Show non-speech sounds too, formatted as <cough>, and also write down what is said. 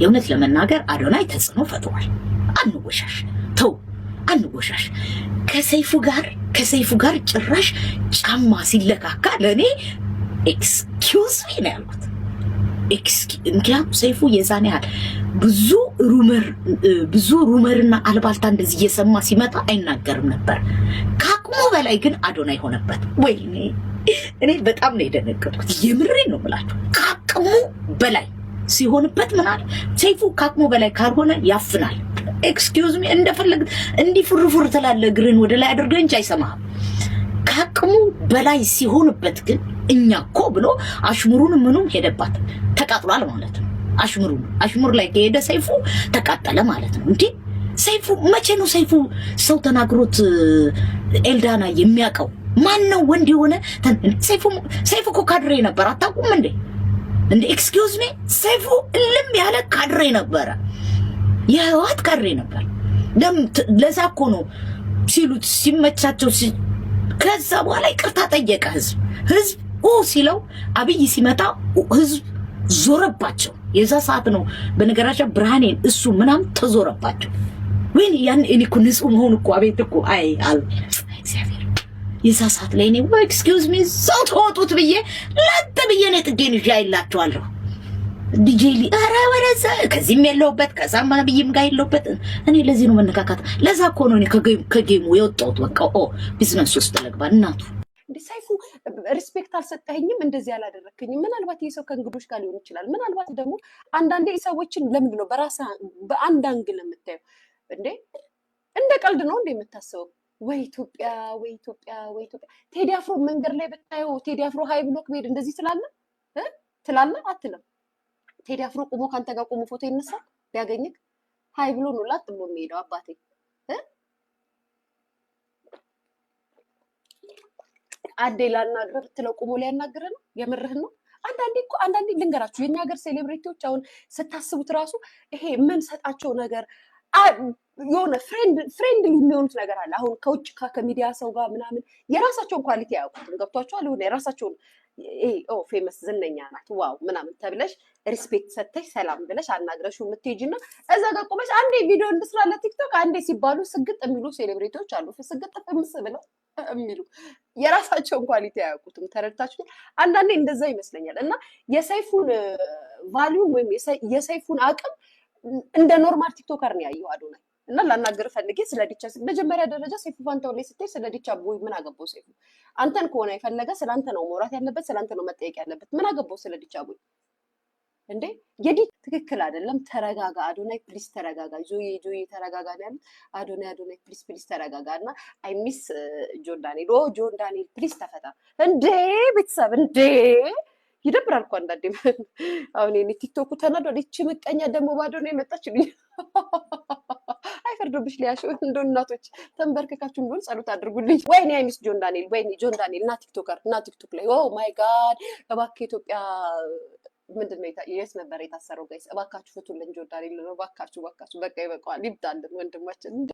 የእውነት ለመናገር አዶናይ ተጽዕኖ ፈጥሯል። አንወሻሽ፣ ተው አንወሻሽ። ከሰይፉ ጋር ከሰይፉ ጋር ጭራሽ ጫማ ሲለካካ ለእኔ ኤክስኪውዝ ሚ ነው ያልኩት። ምክንያቱም ሰይፉ የዛን ያህል ብዙ ሩመር ብዙ ሩመርና አልባልታ እንደዚህ እየሰማ ሲመጣ አይናገርም ነበር። ከአቅሙ በላይ ግን አዶናይ ሆነበት። ወይኔ እኔ በጣም ነው የደነገጥኩት። የምሬ ነው የምላችሁ ከአቅሙ በላይ ሲሆንበት ምናል ሰይፉ ከአቅሙ በላይ ካልሆነ ያፍናል። ኤክስኪውዝ ሚ እንደፈለግ እንዲህ ፍርፍር ትላለህ፣ እግርህን ወደ ላይ አድርገህ እንጂ አይሰማህም። ከአቅሙ በላይ ሲሆንበት ግን እኛ እኮ ብሎ አሽሙሩን ምኑም ሄደባት ተቃጥሏል ማለት ነው። አሽሙሩ አሽሙር ላይ ከሄደ ሰይፉ ተቃጠለ ማለት ነው። እንዴ ሰይፉ መቼ ነው ሰይፉ ሰው ተናግሮት ኤልዳና የሚያውቀው ማን ነው? ወንድ የሆነ ሰይፉ እኮ ካድሬ ነበር፣ አታውቁም እንዴ? እንደ ኤክስኪውዝ ሚ ሰይፉ እልም ያለ ካድሬ ነበረ፣ የህወሓት ካድሬ ነበር። ለዛ እኮ ነው ሲሉት ሲመቻቸው። ከዛ በኋላ ይቅርታ ጠየቀ ህዝብ። ህዝብ ኦ ሲለው አብይ ሲመጣ ህዝብ ዞረባቸው። የዛ ሰዓት ነው በነገራቸው ብርሃኔን እሱ ምናምን ተዞረባቸው። ወይኔ ያን እኔ እኮ ንጹህ መሆን እኮ አቤት እኮ አይ እግዚአብሔር የዛ ሰዓት ላይ እኔ ኤክስኪውዝ ሚ ሰው ተወጡት ብዬ ለጥ ብዬ እኔ ጥጌን ይዤ አይላቸዋለሁ። ዲጄ ሊ ኧረ ወደዛ ከዚህም የለውበት ከዛም ብዬም ጋር የለውበት። እኔ ለዚህ ነው መነካካት። ለዛ እኮ ነው እኔ ከጌሙ የወጣሁት። በቃ ኦ ቢዝነስ ውስጥ ለግባ እናቱ ሳይፉ ሪስፔክት አልሰጠኝም፣ እንደዚህ አላደረክኝም። ምናልባት ይህ ሰው ከእንግዶች ጋር ሊሆን ይችላል። ምናልባት ደግሞ አንዳንዴ ሰዎችን ለምንድን ነው በራሳ በአንድ አንግል የምታየው እንዴ? እንደ ቀልድ ነው እንደ የምታስበው ወይ ኢትዮጵያ ወይ ኢትዮጵያ ወይ ኢትዮጵያ። ቴዲ አፍሮ መንገድ ላይ ብታየው ቴዲ አፍሮ ሀይ ብሎክ መሄድ እንደዚህ ትላለ ትላለ አትልም። ቴዲ አፍሮ ቁሞ ከአንተ ጋር ቁሞ ፎቶ ይነሳል ቢያገኝክ ሀይ ብሎ ነው ላት ብሎ የሚሄደው አባቴ አዴ ላናግርህ ብትለው ቁሞ ሊያናግርህ ነው። የምርህ ነው። አንዳንዴ እኮ አንዳንዴ ልንገራችሁ የኛ ሀገር ሴሌብሬቲዎች አሁን ስታስቡት ራሱ ይሄ ምን ሰጣቸው ነገር የሆነ ፍሬንድ የሚሆኑት ነገር አለ። አሁን ከውጭ ከሚዲያ ሰው ጋር ምናምን የራሳቸውን ኳሊቲ አያውቁትም። ገብቷቸዋል። ሆነ የራሳቸውን ፌመስ ዝነኛ ናት ዋው ምናምን ተብለሽ ሪስፔክት ሰተሽ ሰላም ብለሽ አናግረሽው የምትሄጂ እና እዛ ጋር ቆመሽ አንዴ ቪዲዮ እንስራ ለቲክቶክ አንዴ ሲባሉ ስግጥ የሚሉ ሴሌብሬቲዎች አሉ። ስግጥ ፍምስ ብለው የሚሉ የራሳቸውን ኳሊቲ አያውቁትም። ተረድታችሁ። አንዳንዴ እንደዛ ይመስለኛል እና የሰይፉን ቫሊዩም ወይም የሰይፉን አቅም እንደ ኖርማል ቲክቶከር ነው ያየው አዶናይ እና ላናገር ፈልጌ ስለ ዲቻ መጀመሪያ ደረጃ ሴፉ ፋንታው ላይ ስትሄድ ስለ ዲቻ ቦይ ምን አገባው? ሴፉ አንተን ከሆነ የፈለገ ስለ አንተ ነው መውራት ያለበት፣ ስለ አንተ ነው መጠየቅ ያለበት። ምን አገባው ስለ ዲቻ ቦይ እንዴ? የዲ ትክክል አይደለም። ተረጋጋ አዶናይ ፕሊስ ተረጋጋ። ጆይ ጆይ ተረጋጋ ያሉት አዶናይ አዶናይ ፕሊስ ፕሊስ ተረጋጋ እና አይ ሚስ ጆን ዳንኤል ኦ ጆን ዳንኤል ፕሊስ ተፈታ እንዴ ቤተሰብ እንዴ ይደብራል እኮ አንዳንዴ። አሁን ኔ ቲክቶኩ ተናዶ ይቺ ምቀኛ ደግሞ ባዶ ነው የመጣች ልኝ። <laughs> አይፈርዶብሽ ሊያሽ እንደ እናቶች ተንበርክካችሁ ቢሆን ጸሎት አድርጉልኝ። ወይኔ አይሚስ ጆን ዳንኤል ወይኔ ጆን ዳንኤል እና ቲክቶከር እና ቲክቶክ ላይ ኦ ማይ ጋድ እባክህ ኢትዮጵያ ምንድን ነው የት ነበር የታሰረው? ጋይስ እባካችሁ ፍቱልኝ። ጆን ዳንኤል ነው እባካችሁ፣ እባካችሁ በቃ ይበቃዋል። ይብዳልን ወንድማችን።